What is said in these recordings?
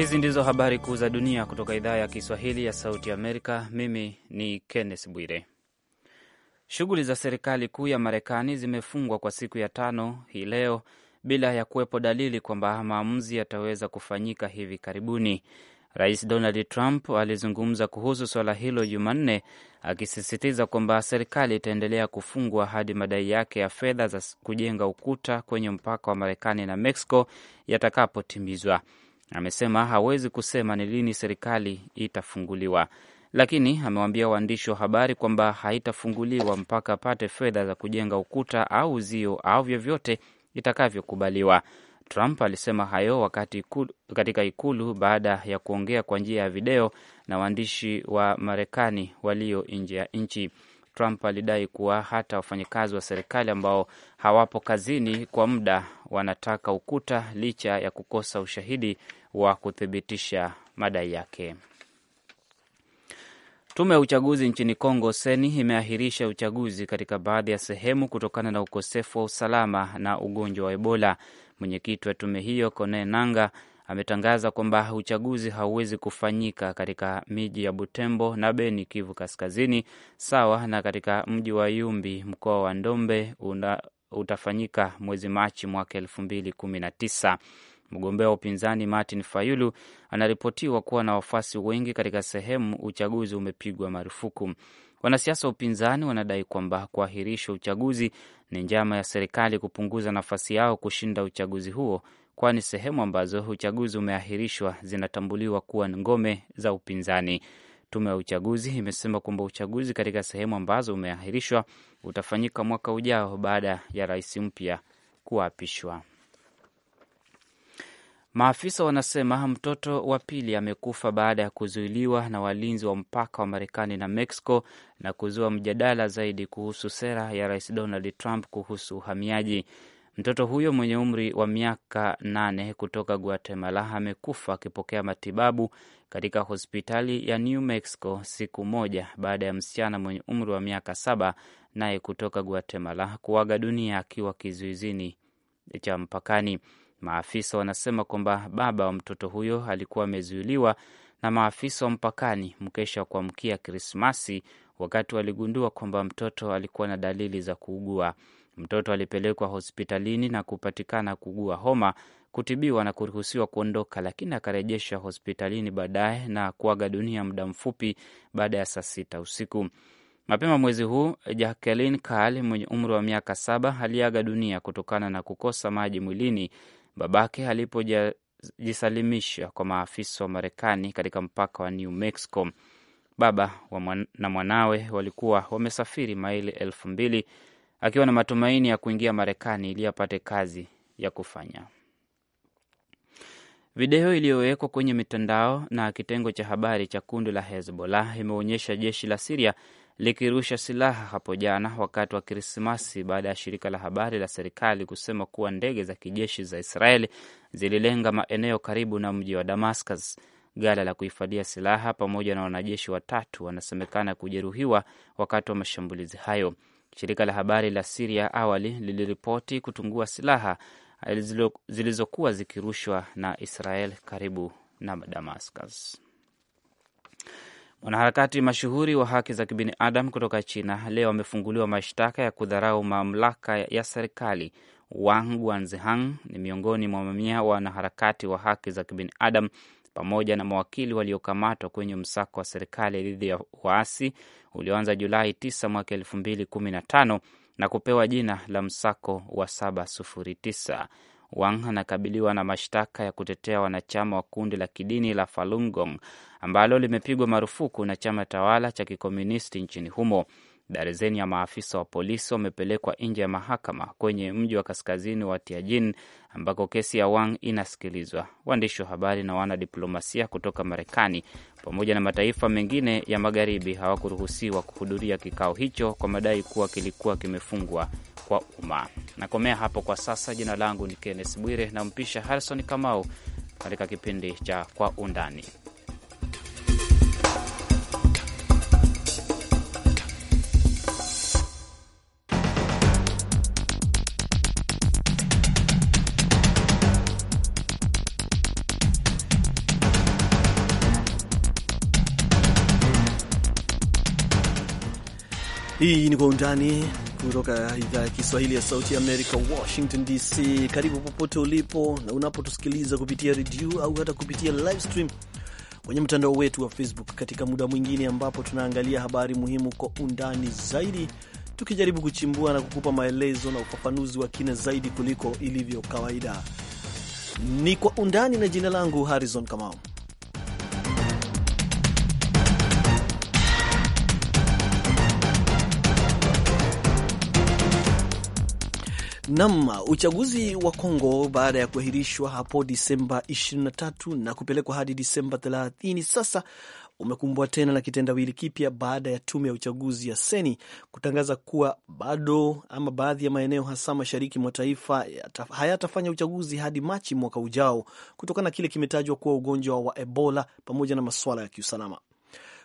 Hizi ndizo habari kuu za dunia kutoka idhaa ya Kiswahili ya Sauti ya Amerika. Mimi ni Kenneth Bwire. Shughuli za serikali kuu ya Marekani zimefungwa kwa siku ya tano hii leo bila ya kuwepo dalili kwamba maamuzi yataweza kufanyika hivi karibuni. Rais Donald Trump alizungumza kuhusu suala hilo Jumanne, akisisitiza kwamba serikali itaendelea kufungwa hadi madai yake ya fedha za kujenga ukuta kwenye mpaka wa Marekani na Mexico yatakapotimizwa. Amesema hawezi kusema ni lini serikali itafunguliwa, lakini amewaambia waandishi wa habari kwamba haitafunguliwa mpaka apate fedha za kujenga ukuta au uzio au vyovyote itakavyokubaliwa. Trump alisema hayo wakati ikulu, katika ikulu baada ya kuongea kwa njia ya video na waandishi wa Marekani walio nje ya nchi. Trump alidai kuwa hata wafanyakazi wa serikali ambao hawapo kazini kwa muda wanataka ukuta licha ya kukosa ushahidi wa kuthibitisha madai yake. Tume ya uchaguzi nchini congo seni imeahirisha uchaguzi katika baadhi ya sehemu kutokana na ukosefu wa usalama na ugonjwa wa Ebola. Mwenyekiti wa tume hiyo Kone Nanga ametangaza kwamba uchaguzi hauwezi kufanyika katika miji ya Butembo na Beni, Kivu Kaskazini, sawa na katika mji wa Yumbi, mkoa wa Ndombe una, utafanyika mwezi Machi mwaka elfu mbili kumi na tisa. Mgombea wa upinzani Martin Fayulu anaripotiwa kuwa na wafuasi wengi katika sehemu uchaguzi umepigwa marufuku. Wanasiasa wa upinzani wanadai kwamba kuahirishwa uchaguzi ni njama ya serikali kupunguza nafasi yao kushinda uchaguzi huo, kwani sehemu ambazo uchaguzi umeahirishwa zinatambuliwa kuwa ngome za upinzani. Tume ya uchaguzi imesema kwamba uchaguzi katika sehemu ambazo umeahirishwa utafanyika mwaka ujao baada ya rais mpya kuapishwa. Maafisa wanasema mtoto wa pili amekufa baada ya kuzuiliwa na walinzi wa mpaka wa Marekani na Mexico na kuzua mjadala zaidi kuhusu sera ya Rais Donald Trump kuhusu uhamiaji. Mtoto huyo mwenye umri wa miaka nane kutoka Guatemala amekufa akipokea matibabu katika hospitali ya New Mexico siku moja baada ya msichana mwenye umri wa miaka saba naye kutoka Guatemala kuaga dunia akiwa kizuizini cha mpakani. Maafisa wanasema kwamba baba wa mtoto huyo alikuwa amezuiliwa na maafisa wa mpakani mkesha wa kuamkia Krismasi wakati waligundua kwamba mtoto alikuwa na dalili za kuugua. Mtoto alipelekwa hospitalini na kupatikana kuugua homa, kutibiwa na kuruhusiwa kuondoka, lakini akarejeshwa hospitalini baadaye na kuaga dunia muda mfupi baada ya saa sita usiku. Mapema mwezi huu Jacqueline karl mwenye umri wa miaka saba aliaga dunia kutokana na kukosa maji mwilini babake alipojisalimisha kwa maafisa wa Marekani katika mpaka wa New Mexico. Baba na mwanawe walikuwa wamesafiri maili elfu mbili akiwa na matumaini ya kuingia Marekani ili apate kazi ya kufanya. Video iliyowekwa kwenye mitandao na kitengo cha habari cha kundi la Hezbollah imeonyesha jeshi la Siria likirusha silaha hapo jana wakati wa Krismasi baada ya shirika la habari la serikali kusema kuwa ndege za kijeshi za Israeli zililenga maeneo karibu na mji wa Damascus. Gala la kuhifadhia silaha pamoja na wanajeshi watatu wanasemekana kujeruhiwa wakati wa mashambulizi hayo. Shirika la habari la Siria awali liliripoti kutungua silaha zilizokuwa zikirushwa na Israel karibu na Damascus. Mwanaharakati mashuhuri wa haki za kibinadamu kutoka China leo amefunguliwa mashtaka ya kudharau mamlaka ya serikali. Wang Guanzihang ni miongoni mwa mamia wa wanaharakati wa haki za kibinadamu pamoja na mawakili waliokamatwa kwenye msako wa serikali dhidi ya waasi ulioanza Julai 9 mwaka 2015 na kupewa jina la msako wa 709. Wang anakabiliwa na mashtaka ya kutetea wanachama wa kundi la kidini la Falun Gong ambalo limepigwa marufuku na chama tawala cha kikomunisti nchini humo. Darzeni ya maafisa wa polisi wamepelekwa nje ya mahakama kwenye mji wa kaskazini wa Tianjin ambako kesi ya Wang inasikilizwa. Waandishi wa habari na wanadiplomasia kutoka Marekani pamoja na mataifa mengine ya Magharibi hawakuruhusiwa kuhudhuria kikao hicho kwa madai kuwa kilikuwa kimefungwa kwa umma. Nakomea hapo kwa sasa. Jina langu ni kennes Bwire, nampisha Harrison Kamau katika kipindi cha Kwa Undani. Hii ni Kwa Undani kutoka idhaa ya Kiswahili ya Sauti ya Amerika, Washington DC. Karibu popote ulipo na unapotusikiliza kupitia redio au hata kupitia live stream kwenye mtandao wetu wa Facebook, katika muda mwingine ambapo tunaangalia habari muhimu kwa undani zaidi, tukijaribu kuchimbua na kukupa maelezo na ufafanuzi wa kina zaidi kuliko ilivyo kawaida. Ni kwa undani, na jina langu Harrison Kamau. Nam, uchaguzi wa Kongo baada ya kuahirishwa hapo Disemba 23 na kupelekwa hadi Disemba 30 sasa umekumbwa tena na kitendawili kipya baada ya tume ya uchaguzi ya Seni kutangaza kuwa bado ama baadhi ya maeneo hasa mashariki mwa taifa hayatafanya uchaguzi hadi Machi mwaka ujao kutokana na kile kimetajwa kuwa ugonjwa wa Ebola pamoja na masuala ya kiusalama.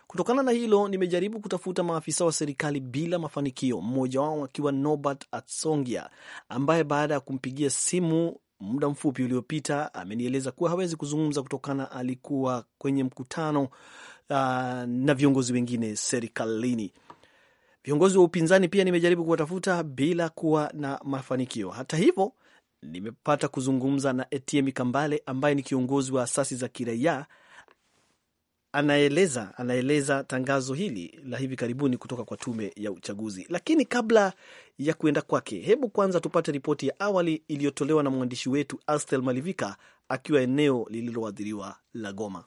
Kutokana na hilo, nimejaribu kutafuta maafisa wa serikali bila mafanikio, mmoja wao akiwa Nobert Atsongia ambaye baada ya kumpigia simu muda mfupi uliopita amenieleza kuwa hawezi kuzungumza kutokana alikuwa kwenye mkutano uh, na viongozi wengine serikalini. Viongozi wa upinzani pia nimejaribu kuwatafuta bila kuwa na mafanikio. Hata hivyo, nimepata kuzungumza na Etiemi Kambale ambaye ni kiongozi wa asasi za kiraia anaeleza anaeleza tangazo hili la hivi karibuni kutoka kwa tume ya uchaguzi. Lakini kabla ya kuenda kwake, hebu kwanza tupate ripoti ya awali iliyotolewa na mwandishi wetu Astel Malivika akiwa eneo lililoathiriwa la Goma.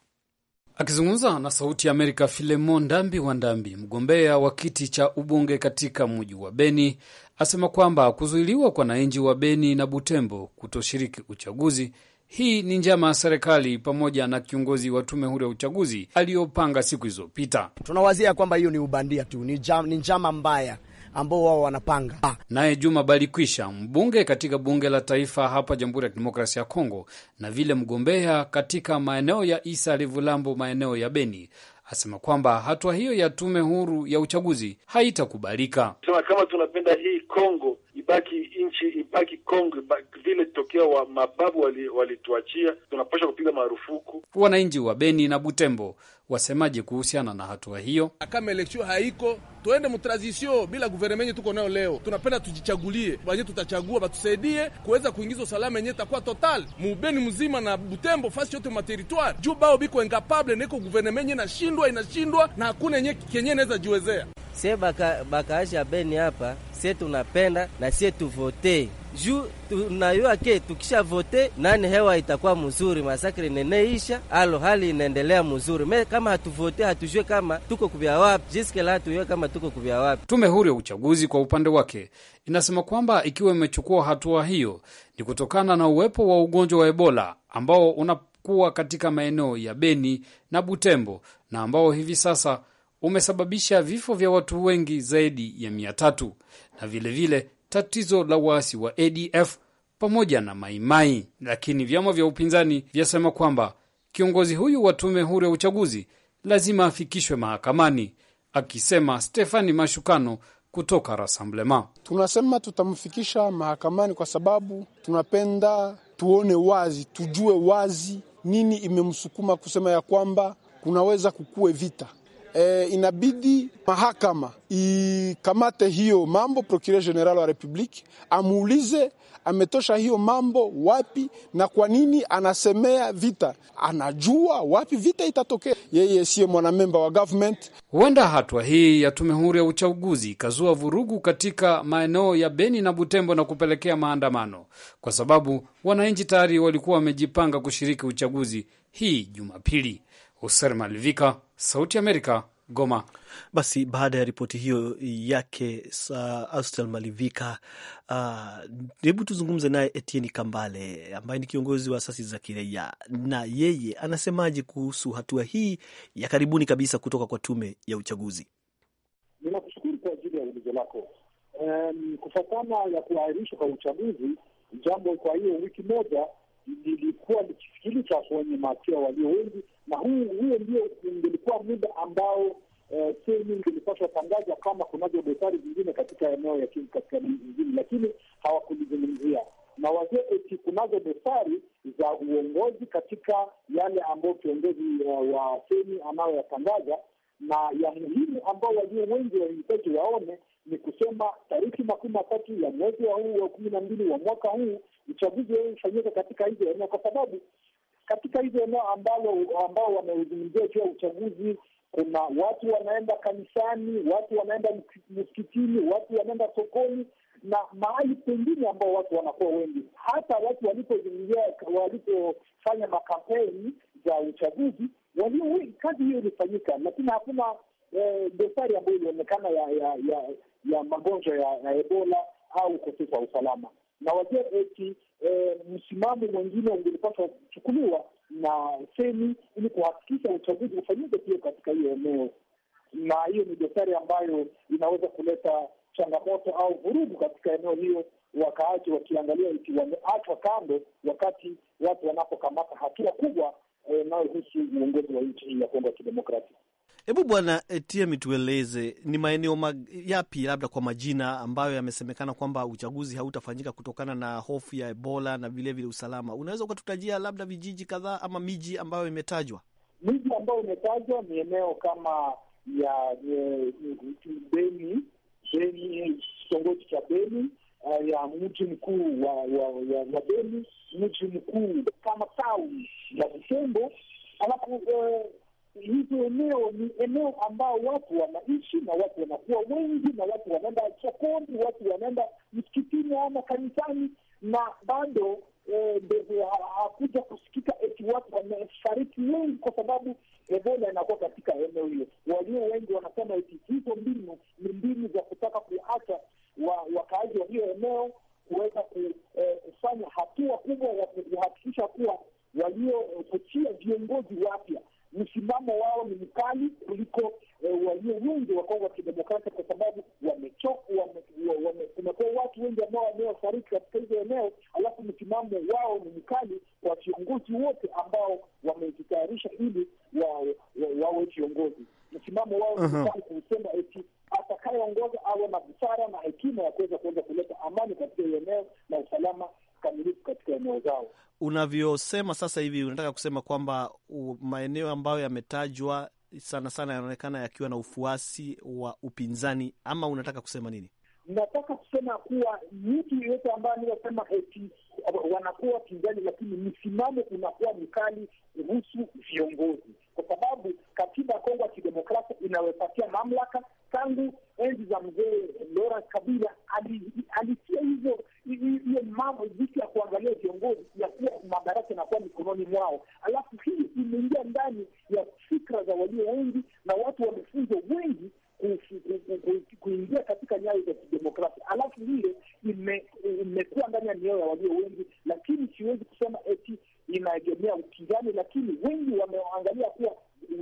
Akizungumza na Sauti ya Amerika, Filemon Ndambi wa Ndambi, mgombea wa kiti cha ubunge katika mji wa Beni, asema kwamba kuzuiliwa kwa wananchi wa Beni na Butembo kutoshiriki uchaguzi hii ni njama ya serikali pamoja na kiongozi wa tume huru ya uchaguzi aliyopanga siku hizopita. Tunawazia kwamba hiyo ni ubandia tu, ni njama mbaya ambao wao wanapanga. Ah, naye Juma Balikwisha, mbunge katika bunge la taifa hapa Jamhuri ya Kidemokrasia ya Kongo, na vile mgombea katika maeneo ya Isa Livulambo, maeneo ya Beni, asema kwamba hatua hiyo ya tume huru ya uchaguzi haitakubalika. Sema kama tunapenda hii Kongo ibaki nchi ibaki kongwe vile tokea wa mababu walituachia wali, tunapasha kupiga marufuku. Wananchi wa Beni na Butembo wasemaje kuhusiana na hatua hiyo? Kama eleksio haiko, tuende mutranzisio bila guvernemenye tuko nayo leo. Tunapenda tujichagulie wanye tutachagua batusaidie kuweza kuingiza usalama yenyewe takuwa total mubeni mzima na Butembo, fasi yote materitwari juu bao biko incapable niko guvernemenye inashindwa inashindwa na hakuna yenye kenye inaweza jiwezea. Sie baka, bakaasha Beni hapa sie tunapenda na sie tuvotee juu tunayoa ke tukisha vote nani hewa itakuwa mzuri, masakre neneisha, alo hali inaendelea mzuri. Me kama hatuvote hatujue kama tuko kubya wapi, jiske la hatujue kama tuko kubya wapi. Tume huru ya uchaguzi kwa upande wake inasema kwamba ikiwa imechukua hatua hiyo ni kutokana na uwepo wa ugonjwa wa Ebola ambao unakuwa katika maeneo ya Beni na Butembo na ambao hivi sasa umesababisha vifo vya watu wengi zaidi ya mia tatu na vilevile vile, tatizo la waasi wa ADF pamoja na Maimai. Lakini vyama vya upinzani vyasema kwamba kiongozi huyu wa tume huru ya uchaguzi lazima afikishwe mahakamani, akisema Stefani Mashukano kutoka Rassemblement. Tunasema tutamfikisha mahakamani kwa sababu tunapenda tuone wazi, tujue wazi nini imemsukuma kusema ya kwamba kunaweza kukue vita e, inabidi mahakama ikamate hiyo mambo. Procureur general wa republiki amuulize ametosha hiyo mambo wapi na kwa nini anasemea vita, anajua wapi vita itatokea. Yeye siye mwanamemba wa government. Huenda hatua hii ya tume huru ya uchaguzi ikazua vurugu katika maeneo ya Beni na Butembo na kupelekea maandamano, kwa sababu wananchi tayari walikuwa wamejipanga kushiriki uchaguzi hii Jumapili. Hoser Malvika, Sauti Amerika, Goma. Basi baada ya ripoti hiyo yake Austel Malivika, ah, hebu uh, tuzungumze naye Etieni Kambale ambaye ni kiongozi wa asasi za kiraia, na yeye anasemaje kuhusu hatua hii ya karibuni kabisa kutoka kwa tume ya uchaguzi? Ninakushukuru kwa ajili ya ulizo lako. Um, kufatana ya kuahirishwa kwa uchaguzi jambo, kwa hiyo wiki moja lilikuwa likifikiri cha wenye mafia walio wengi, na huu huo ndio ungelikuwa muda ambao eh, seni ingelipaswa tangaza kama kunazo dosari zingine katika eneo ya Kivu kaskazini zingine, lakini hawakulizungumzia na wazee eti kunazo dosari za uongozi katika yale ambayo kiongozi eh, wa seni anayoyatangaza na ya muhimu ambao walio wengi wahitaji waone ni kusema tariki makumi matatu ya mwezi wa huu wa kumi na mbili wa mwaka huu uchaguzi wao ufanyike katika hizo eneo, kwa sababu katika hizo eneo ambalo ambao wamezungumzia juu ya uchaguzi, kuna watu wanaenda kanisani, watu wanaenda msikitini, watu wanaenda sokoni na mahali pengine ambao watu wanakuwa wengi. Hata watu walipozungumzia walipofanya makampeni za uchaguzi, kazi hiyo ilifanyika, lakini hakuna eh, dosari ambayo ilionekana ya ya ya magonjwa ya Ebola au ukosefu wa usalama. Na wazee eti msimamo mwingine ungelipaswa kuchukuliwa na seni ili kuhakikisha uchaguzi ufanyike pia katika hiyo eneo, na hiyo ni dosari ambayo inaweza kuleta changamoto au vurugu katika eneo hiyo, wakaaji wakiangalia iki wameachwa kando, wakati watu wanapokamata hatua kubwa eh, inayohusu uongozi wa nchi hii ya Kongo ya Kidemokrasia. Hebu Bwana Etiemi, tueleze ni maeneo yapi labda kwa majina ambayo yamesemekana kwamba uchaguzi hautafanyika kutokana na hofu ya Ebola na vilevile usalama. Unaweza ukatutajia labda vijiji kadhaa ama miji ambayo imetajwa? Miji ambayo imetajwa ni eneo kama ya eh, Beni, Beni, kitongoji cha Beni eh, ya mji mkuu wa, wa, wa, wa Beni, mji mkuu kama tawi ya Butembo alafu eh, hizo eneo ni eneo ambao watu wanaishi na watu wanakuwa wengi, na watu wanaenda sokoni, watu wanaenda msikitini ama kanisani, na bado eh, hakuja kusikika eti watu wamefariki wengi kwa sababu Ebola inakuwa katika eneo hilo. Walio wengi wanasema eti hizo mbinu ni mbinu za kutaka kuacha wakaaji wa hiyo eneo kuweza eh, kufanya hatua kubwa ya kuhakikisha kuwa waliopochia viongozi wapya msimamo wao ni mkali kuliko eh, walio wengi wa Kongo ya Kidemokrasia, kwa sababu wamechoka. Kumekuwa watu wengi ambao wameofariki katika hizo eneo, alafu msimamo wao ni mkali kwa viongozi wote ambao wamejitayarisha ili wawe viongozi. Msimamo wao ni mkali kusema eti atakayeongoza awe na busara na hekima ya kuweza kuweza kuleta amani katika hiyo eneo na usalama kikamilifu katika eneo zao. Unavyosema sasa hivi, unataka kusema kwamba maeneo ambayo yametajwa sana sana yanaonekana yakiwa na ufuasi wa upinzani, ama unataka kusema nini? Nataka kusema kuwa mtu yeyote ambaye anasema eti wanakuwa wapinzani, lakini msimamo unakuwa mkali kuhusu viongozi, kwa sababu katiba ya Kongo ya kidemokrasia inawepatia mamlaka tangu enzi za mzee Laurent Kabila alitia hizo hiyo mambo jinsi ya kuangalia viongozi ya kuwa madaraka yanakuwa mikononi mwao. Alafu hii imeingia ndani ya fikra za walio wengi na watu wamefunzwa wengi kuingia katika nyayo za kidemokrasia, alafu hiyo imekuwa ndani ya mioyo ya walio wengi, lakini siwezi kusema eti inaegemea upinzani, lakini wengi wameangalia kuwa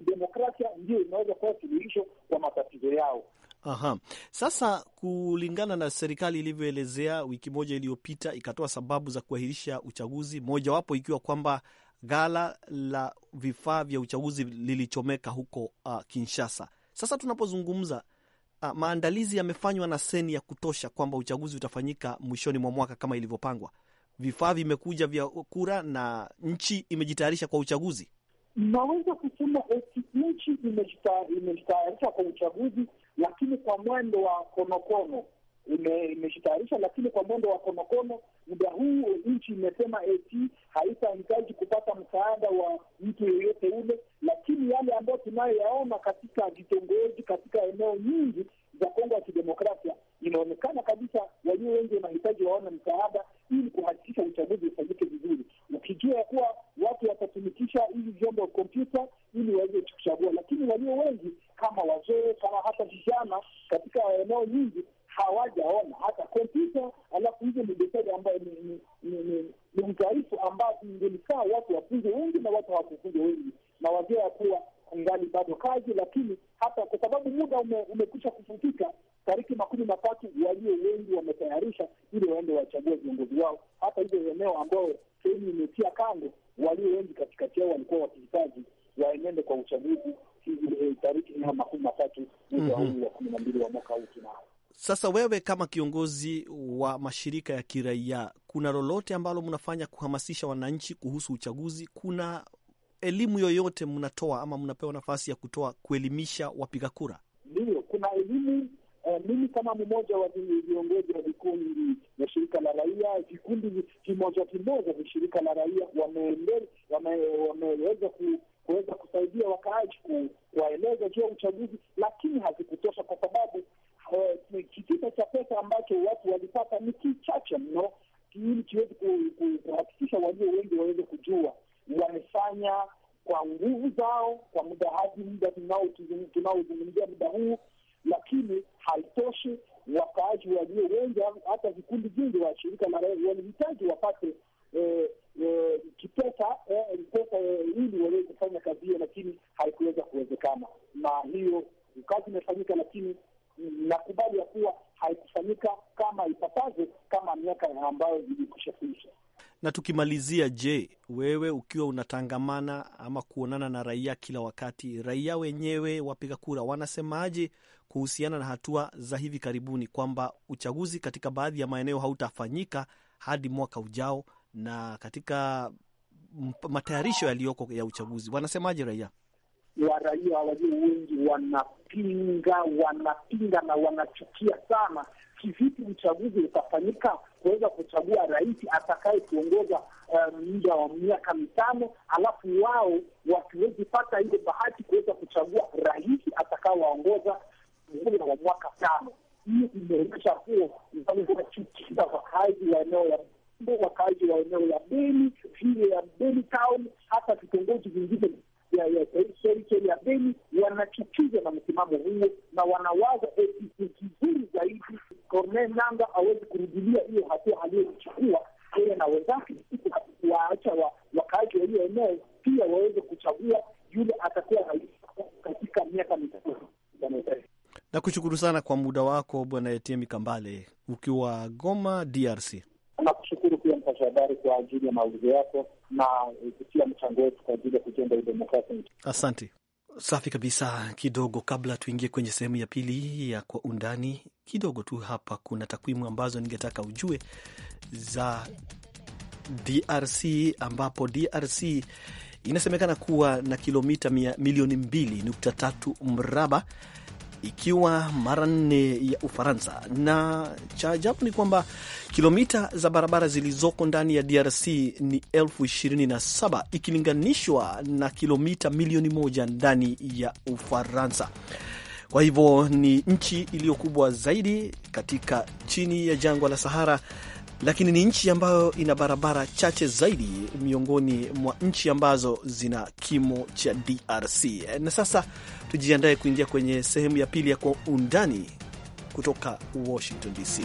demokrasia ndio inaweza kuwa suluhisho kwa matatizo yao. Aha. Sasa kulingana na serikali ilivyoelezea wiki moja iliyopita, ikatoa sababu za kuahirisha uchaguzi, mojawapo ikiwa kwamba ghala la vifaa vya uchaguzi lilichomeka huko uh, Kinshasa. Sasa tunapozungumza Ah, maandalizi yamefanywa na seni ya kutosha kwamba uchaguzi utafanyika mwishoni mwa mwaka kama ilivyopangwa? Vifaa vimekuja vya kura na nchi imejitayarisha kwa uchaguzi? Naweza kusema eti nchi imejitayarisha kwa uchaguzi, lakini kwa mwendo wa konokono imejitayarisha, lakini kwa mwendo wa konokono, muda huu nchi imesema eti haitahitaji kupata msaada wa mtu yeyote ule, lakini yale ambayo tunayoyaona katika vitongoji, katika eneo nyingi Sasa wewe kama kiongozi wa mashirika ya kiraia, kuna lolote ambalo mnafanya kuhamasisha wananchi kuhusu uchaguzi? Kuna elimu yoyote mnatoa ama mnapewa nafasi ya kutoa kuelimisha wapiga kura? Ndiyo, kuna elimu Uh, mimi kama mmoja wa viongozi wa vikundi vya shirika la raia, vikundi kimoja kimoja vya shirika la raia wameweza kuweza kusaidia wakaaji kuwaeleza juu ya uchaguzi, lakini hazikutosha, kwa sababu Eh, kipimo cha pesa ambacho watu walipata ni kichache mno, ili kiwezi kuhakikisha walio wengi waweze kujua wamefanya kwa nguvu zao kwa muda hadi muda tunaozungumzia muda huu, lakini haitoshi. Wakaaji walio wengi hata vikundi vingi wa shirika la raia walihitaji wapate eh, eh, kipesa pesa ili waweze kufanya kazi hiyo, lakini haikuweza kuwezekana. Na hiyo kazi imefanyika, lakini nakubali ya kuwa haikufanyika kama ipatazo kama miaka ambayo ilikwisha kuisha. Na tukimalizia, je, wewe ukiwa unatangamana ama kuonana na raia kila wakati, raia wenyewe wapiga kura wanasemaje kuhusiana na hatua za hivi karibuni kwamba uchaguzi katika baadhi ya maeneo hautafanyika hadi mwaka ujao, na katika matayarisho yaliyoko ya uchaguzi wanasemaje raia? Wa raia walio wengi wana wanapinga, wanapinga na wanachukia sana kivipi uchaguzi utafanyika kuweza kuchagua rais atakaye kuongoza eh, muda um, wa miaka mitano, alafu wao wakiwezi pata ile bahati kuweza kuchagua rais atakaowaongoza muda wa mwaka tano. Hii imeonyesha kuo wanachukia wakaaji wa eneo ya wakaaji wa eneo ya Beni, vile ya Beni town, hata vitongoji vingine ya ya Beni wanachukizwa na msimamo huo na wanawaza eti ni zaidi Corneille nanga awezi kurudilia hiyo hatua aliyoichukua yeye na wenzake, waacha wakaaji wa hiyo eneo pia waweze kuchagua yule atakuwa rais katika miaka mitano. Nakushukuru sana kwa muda wako Bwana Etiemi Kambale ukiwa Goma, DRC. Nakushukuru pia mpasha habari kwa ajili ya maulizo yako na kutia Asante. Safi kabisa. Kidogo kabla tuingie kwenye sehemu ya pili ya kwa undani, kidogo tu hapa kuna takwimu ambazo ningetaka ujue za DRC, ambapo DRC inasemekana kuwa na kilomita milioni 2.3 mraba ikiwa mara nne ya Ufaransa. Na cha ajabu ni kwamba kilomita za barabara zilizoko ndani ya DRC ni elfu ishirini na saba ikilinganishwa na kilomita milioni moja ndani ya Ufaransa. Kwa hivyo ni nchi iliyo kubwa zaidi katika chini ya jangwa la Sahara lakini ni nchi ambayo ina barabara chache zaidi miongoni mwa nchi ambazo zina kimo cha DRC. Na sasa tujiandae kuingia kwenye sehemu ya pili ya Kwa Undani kutoka Washington DC.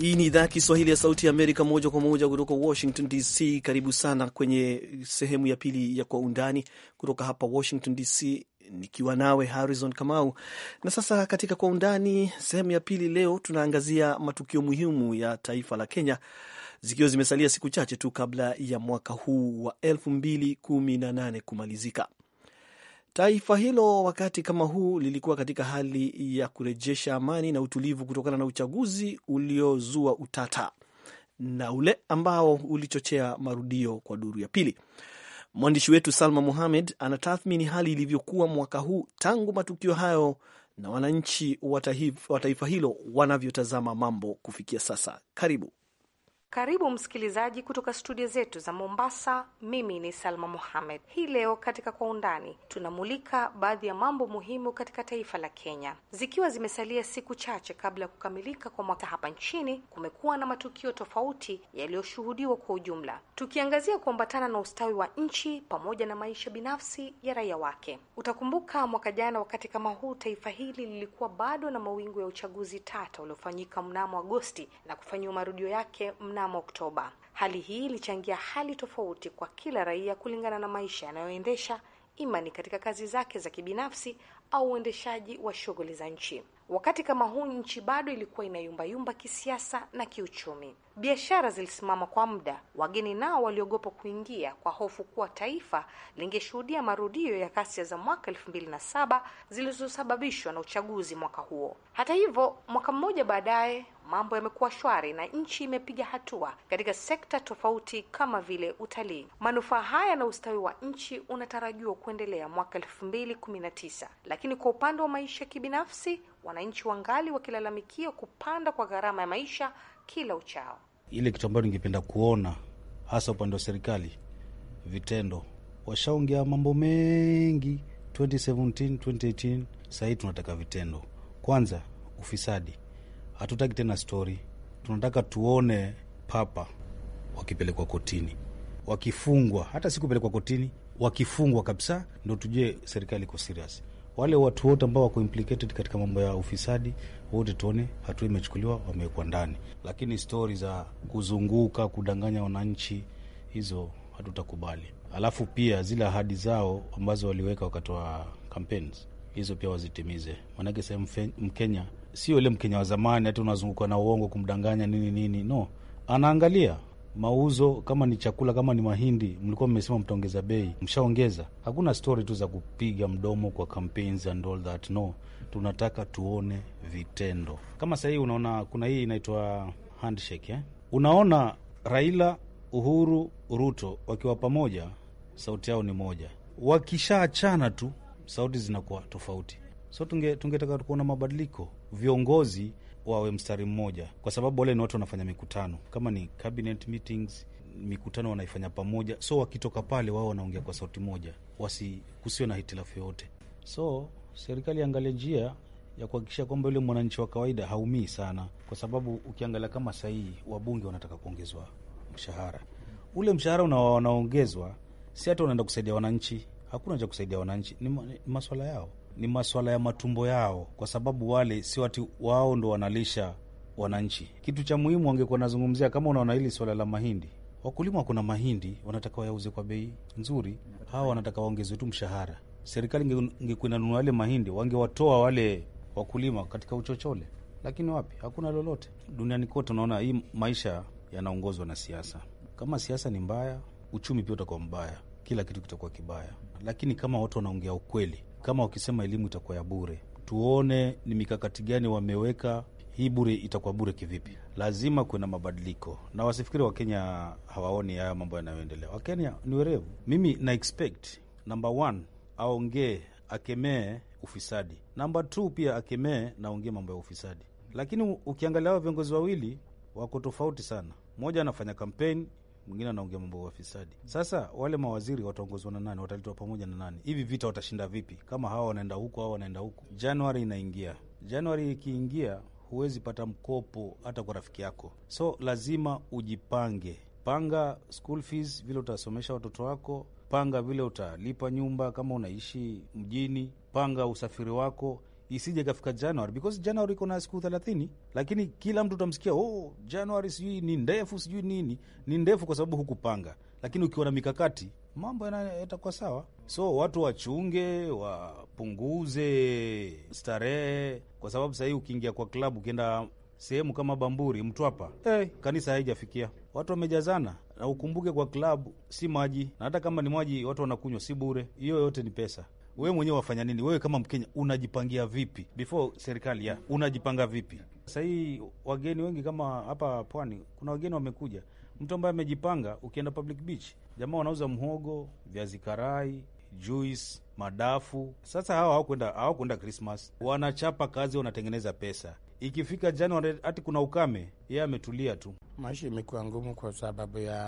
Hii ni idhaa ya Kiswahili ya Sauti ya Amerika, moja kwa moja kutoka Washington DC. Karibu sana kwenye sehemu ya pili ya Kwa Undani kutoka hapa Washington DC, nikiwa nawe Harrison Kamau. Na sasa katika Kwa Undani sehemu ya pili, leo tunaangazia matukio muhimu ya taifa la Kenya, zikiwa zimesalia siku chache tu kabla ya mwaka huu wa 2018 kumalizika. Taifa hilo wakati kama huu lilikuwa katika hali ya kurejesha amani na utulivu kutokana na uchaguzi uliozua utata na ule ambao ulichochea marudio kwa duru ya pili. Mwandishi wetu Salma muhamed anatathmini hali ilivyokuwa mwaka huu tangu matukio hayo na wananchi wa taifa hilo wanavyotazama mambo kufikia sasa. Karibu. Karibu msikilizaji kutoka studio zetu za Mombasa. Mimi ni Salma Mohamed. Hii leo katika Kwa Undani tunamulika baadhi ya mambo muhimu katika taifa la Kenya. Zikiwa zimesalia siku chache kabla ya kukamilika kwa mwaka hapa nchini, kumekuwa na matukio tofauti yaliyoshuhudiwa kwa ujumla, tukiangazia kuambatana na ustawi wa nchi pamoja na maisha binafsi ya raia wake. Utakumbuka mwaka jana wakati kama huu taifa hili lilikuwa bado na mawingu ya uchaguzi tata uliofanyika mnamo Agosti na kufanyiwa marudio yake mna mnamo Oktoba. Hali hii ilichangia hali tofauti kwa kila raia kulingana na maisha yanayoendesha imani katika kazi zake za kibinafsi au uendeshaji wa shughuli za nchi. Wakati kama huu, nchi bado ilikuwa inayumbayumba kisiasa na kiuchumi. Biashara zilisimama kwa muda, wageni nao waliogopa kuingia kwa hofu kuwa taifa lingeshuhudia marudio ya ghasia za mwaka elfu mbili na saba zilizosababishwa na uchaguzi mwaka huo. Hata hivyo, mwaka mmoja baadaye mambo yamekuwa shwari na nchi imepiga hatua katika sekta tofauti kama vile utalii. Manufaa haya na ustawi wa nchi unatarajiwa kuendelea mwaka elfu mbili kumi na tisa, lakini kwa upande wa maisha kibinafsi, wananchi wangali wakilalamikia kupanda kwa gharama ya maisha kila uchao. Ile kitu ambayo ningependa kuona hasa upande wa serikali, vitendo. Washaongea mambo mengi 2017, 2018, sahii tunataka vitendo. Kwanza ufisadi hatutaki tena stori, tunataka tuone papa wakipelekwa kotini, wakifungwa, hata si kupelekwa kotini, wakifungwa kabisa, ndo tujue serikali iko serious. Wale watu wote ambao wako implicated katika mambo ya ufisadi wote tuone hatua imechukuliwa, wamewekwa ndani. Lakini stori za kuzunguka, kudanganya wananchi, hizo hatutakubali. Alafu pia zile ahadi zao ambazo waliweka wakati wa campaigns, hizo pia wazitimize, maanake sehemu Mkenya sio ile Mkenya wa zamani hati unazunguka na uongo kumdanganya nini nini, no, anaangalia mauzo. Kama ni chakula, kama ni mahindi, mlikuwa mmesema mtaongeza bei, mshaongeza. Hakuna stori tu za kupiga mdomo kwa campaigns and all that, no, tunataka tuone vitendo. Kama sahii unaona kuna hii inaitwa handshake eh? Unaona Raila, Uhuru, Ruto wakiwa pamoja, sauti yao ni moja. Wakishaachana tu sauti zinakuwa tofauti, so tungetaka tunge kuona mabadiliko viongozi wawe mstari mmoja, kwa sababu wale ni watu wanafanya mikutano, kama ni cabinet meetings, mikutano wanaifanya pamoja, so wakitoka pale wao wanaongea kwa sauti moja, wasi kusiwe na hitilafu yoyote. So serikali angalie njia ya kuhakikisha kwamba yule mwananchi wa kawaida haumii sana, kwa sababu ukiangalia kama sahihi, wabunge wanataka kuongezwa mshahara. Ule mshahara unaongezwa, si hata unaenda kusaidia wananchi, hakuna cha kusaidia wananchi, ni maswala yao ni maswala ya matumbo yao, kwa sababu wale si wati wao ndo wanalisha wananchi. Kitu cha muhimu wangekuwa nazungumzia, kama unaona hili swala la mahindi, wakulima wako na mahindi, wanataka wayauze kwa bei nzuri, hawa wanataka waongezwe tu mshahara. Serikali ingekuwa inanunua yale mahindi, wangewatoa wale wakulima katika uchochole, lakini wapi, hakuna lolote. Duniani kote unaona hii maisha yanaongozwa na siasa. Kama siasa ni mbaya, uchumi pia utakuwa mbaya, kila kitu kitakuwa kibaya. Lakini kama watu wanaongea ukweli kama wakisema elimu itakuwa ya bure, tuone ni mikakati gani wameweka hii bure itakuwa bure kivipi? Lazima kuna mabadiliko, na wasifikiri Wakenya hawaoni haya mambo yanayoendelea. Wakenya ni werevu. Mimi na expect namba one aongee, akemee ufisadi. namba two pia akemee naongee mambo ya ufisadi, lakini ukiangalia hao viongozi wawili wako tofauti sana. Mmoja anafanya kampeni mwingine anaongea mambo ya fisadi. Sasa wale mawaziri wataongozwa na nani? Wataletwa pamoja na nani? Hivi vita watashinda vipi kama hawa wanaenda huku, hawa wanaenda huku? Januari inaingia. Januari ikiingia, huwezi pata mkopo hata kwa rafiki yako, so lazima ujipange. Panga school fees, vile utasomesha watoto wako. Panga vile utalipa nyumba kama unaishi mjini. Panga usafiri wako isije kafika Januari because Januari iko na siku thelathini, lakini kila mtu utamsikia oh, Januari sijui ni ndefu sijui nini. Ni ndefu kwa sababu hukupanga, lakini ukiwa na mikakati mambo yatakuwa sawa. So watu wachunge, wapunguze starehe, kwa sababu sahii ukiingia kwa klabu, ukienda sehemu kama Bamburi, Mtwapa, hey, kanisa haijafikia watu wamejazana, na ukumbuke kwa klabu si maji, na hata kama ni maji watu wanakunywa si bure, hiyo yote ni pesa wewe mwenyewe wafanya nini? Wewe kama Mkenya unajipangia vipi before serikali ya unajipanga vipi? Sahii wageni wengi kama hapa pwani, kuna wageni wamekuja, mtu ambaye amejipanga. Ukienda public beach, jamaa wanauza mhogo, viazi karai, juice madafu. Sasa hawa hawakwenda hawakwenda Krismas, wanachapa kazi, wanatengeneza pesa. Ikifika Januari hati kuna ukame, yeye ametulia tu. Maisha imekuwa ngumu kwa sababu ya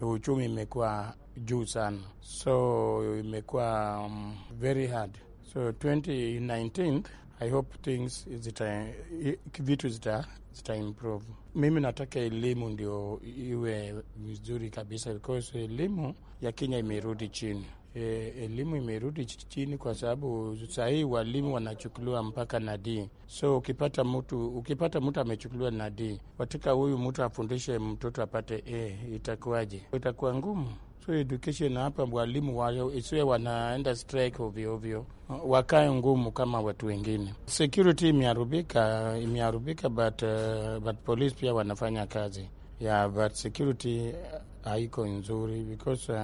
uchumi imekuwa juu sana, so imekuwa um, very hard. So 2019 I hope things zita, vitu zita, zita improve. Mimi nataka elimu ndio iwe vizuri kabisa because elimu ya Kenya imerudi chini e, elimu imerudi chini kwa sababu sahii walimu wanachukuliwa mpaka na So ukipata mtu ukipata mtu amechukuliwa na D, wataka huyu mtu afundishe mtoto apate e, itakuwaje? Itakuwa ngumu. So education hapa, walimu wao isiwe wanaenda strike ovyo ovyo, wakae ngumu kama watu wengine. Security imeharibika, imeharibika but, uh, but police pia wanafanya kazi yeah, but security uh, haiko nzuri because uh,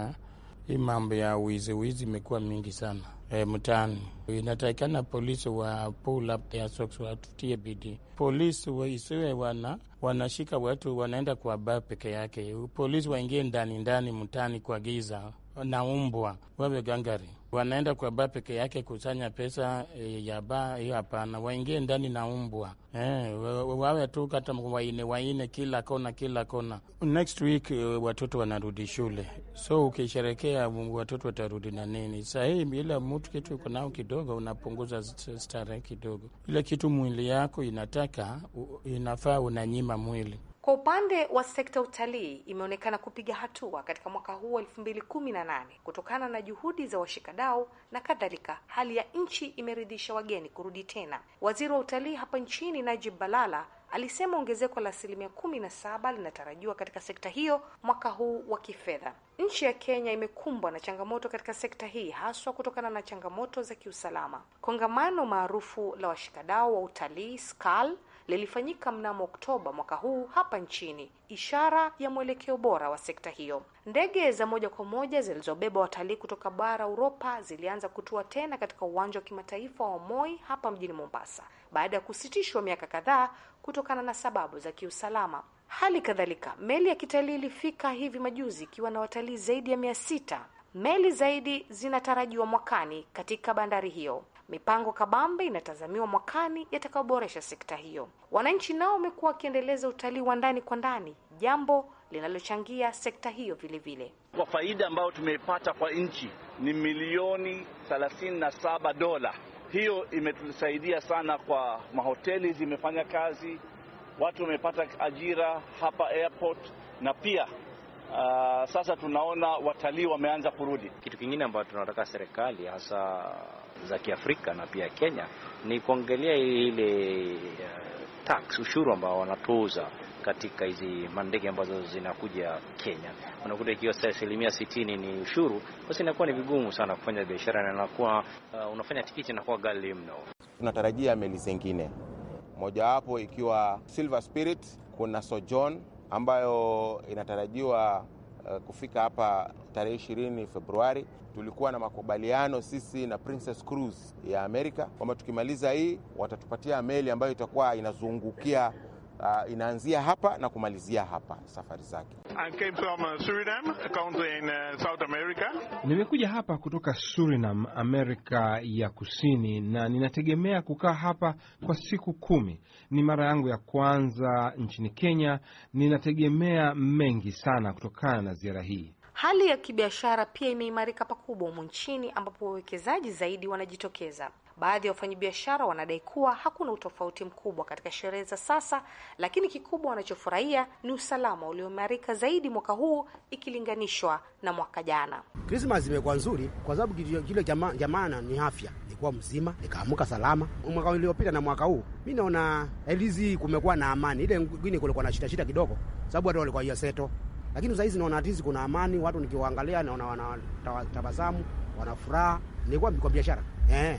hii mambo ya wiziwizi imekuwa mingi sana e, mtaani. Inatakikana polisi wa pull up ya socks watutie bidii. Polisi isiwe wana wanashika watu wanaenda kwa baa peke yake. Polisi waingie ndani ndani mtaani kwa giza na umbwa wawe gangari, wanaenda kwa baa peke yake kusanya pesa e, ya baa hiyo. Hapana, waingie ndani na umbwa e, wawe tu kata waine waine kila kona kila kona. Next week eh, watoto wanarudi shule, so ukisherekea watoto watarudi na nini. Sahii ila mutu kitu uko nao kidogo, unapunguza starehe kidogo, ile kitu mwili yako inataka inafaa, unanyima mwili kwa upande wa sekta utalii imeonekana kupiga hatua katika mwaka huu wa 2018 kutokana na juhudi za washikadau na kadhalika. Hali ya nchi imeridhisha wageni kurudi tena. Waziri wa utalii hapa nchini Najib Balala alisema ongezeko la asilimia kumi na saba linatarajiwa katika sekta hiyo mwaka huu wa kifedha. Nchi ya Kenya imekumbwa na changamoto katika sekta hii haswa kutokana na changamoto za kiusalama. Kongamano maarufu la washikadau wa utalii SCAL lilifanyika mnamo Oktoba mwaka huu hapa nchini, ishara ya mwelekeo bora wa sekta hiyo. Ndege za moja kwa moja zilizobeba watalii kutoka bara Uropa zilianza kutua tena katika uwanja wa kimataifa wa Moi hapa mjini Mombasa baada ya kusitishwa miaka kadhaa kutokana na sababu za kiusalama. Hali kadhalika meli ya kitalii ilifika hivi majuzi ikiwa na watalii zaidi ya mia sita. Meli zaidi zinatarajiwa mwakani katika bandari hiyo. Mipango kabambe inatazamiwa mwakani yatakayoboresha sekta hiyo. Wananchi nao wamekuwa wakiendeleza utalii wa ndani kwa ndani, jambo linalochangia sekta hiyo vilevile. Kwa faida ambayo tumeipata kwa nchi ni milioni 37 dola. Hiyo imetusaidia sana kwa mahoteli, zimefanya kazi, watu wamepata ajira hapa airport na pia uh, sasa tunaona watalii wameanza kurudi. Kitu kingine ambacho tunataka serikali hasa za Kiafrika na pia Kenya ni kuangalia ile uh, tax ushuru ambao wanatoza katika hizi mandege ambazo zinakuja Kenya. Unakuta ikiwa asilimia sitini ni ushuru, basi inakuwa ni vigumu sana kufanya biashara na inakuwa uh, unafanya tikiti inakuwa ghali mno. Tunatarajia meli zingine mojawapo ikiwa Silver Spirit, kuna Sojourn ambayo inatarajiwa Eh, kufika hapa tarehe 20 Februari. Tulikuwa na makubaliano sisi na Princess Cruise ya Amerika kwamba tukimaliza hii watatupatia meli ambayo itakuwa inazungukia uh, inaanzia hapa na kumalizia hapa safari zake. Uh, uh, Nimekuja hapa kutoka Surinam, Amerika ya Kusini, na ninategemea kukaa hapa kwa siku kumi. Ni mara yangu ya kwanza nchini Kenya. Ninategemea mengi sana kutokana na ziara hii. Hali ya kibiashara pia imeimarika pakubwa humu nchini ambapo wawekezaji zaidi wanajitokeza. Baadhi ya wafanyabiashara wanadai kuwa hakuna utofauti mkubwa katika sherehe za sasa, lakini kikubwa wanachofurahia ni usalama ulioimarika zaidi mwaka huu ikilinganishwa na mwaka jana. Krismas imekuwa nzuri kwa sababu kile cha maana ni afya. Nilikuwa mzima nikaamka salama mwaka uliopita na mwaka huu, mi naona elizi kumekuwa na amani. Ile ngine kulikuwa na shida shida kidogo, sababu watu walikuwa seto, lakini saa hizi naona atizi kuna amani. Watu nikiwaangalia naona wanatabasamu, wanafuraha, furaha. kwa biashara eh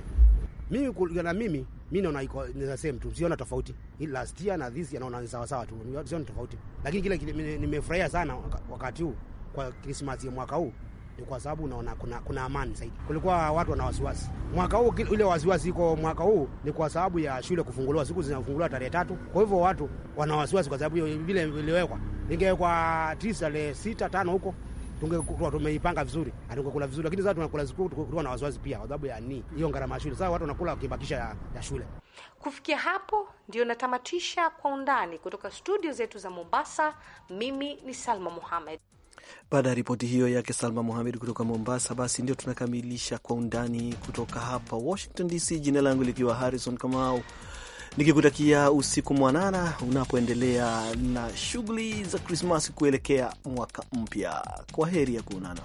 mimi kulingana mimi mimi naona iko ni the same tu, siona tofauti. last year na this year naona ni sawa sawa tu, siona tofauti. Lakini kile nimefurahia sana wakati huu kwa Christmas ya mwaka huu ni kwa sababu unaona kuna, kuna amani zaidi. Kulikuwa watu wana wasiwasi mwaka huu, ile wasiwasi iko mwaka huu ni kwa sababu ya shule kufunguliwa, siku zinafunguliwa tarehe tatu. Kwa hivyo watu wana wasiwasi kwa sababu vile viliwekwa, ingewekwa tisa tarehe sita tano huko tungekuwa tumeipanga vizuri, atungekula vizuri, lakini sasa tunakula zikuu, tulikuwa na wasiwasi pia kwa sababu ya ni Hiyo gharama ya shule. Sasa watu wanakula wakibakisha ya, ya shule. Kufikia hapo ndio natamatisha kwa undani kutoka studio zetu za Mombasa. Mimi ni Salma Muhamed. Baada ya ripoti hiyo yake Salma Muhamed kutoka Mombasa, basi ndio tunakamilisha kwa undani kutoka hapa Washington DC, jina langu likiwa Harrison Kamau nikikutakia usiku mwanana unapoendelea na shughuli za Krismasi kuelekea mwaka mpya. Kwa heri ya kuonana.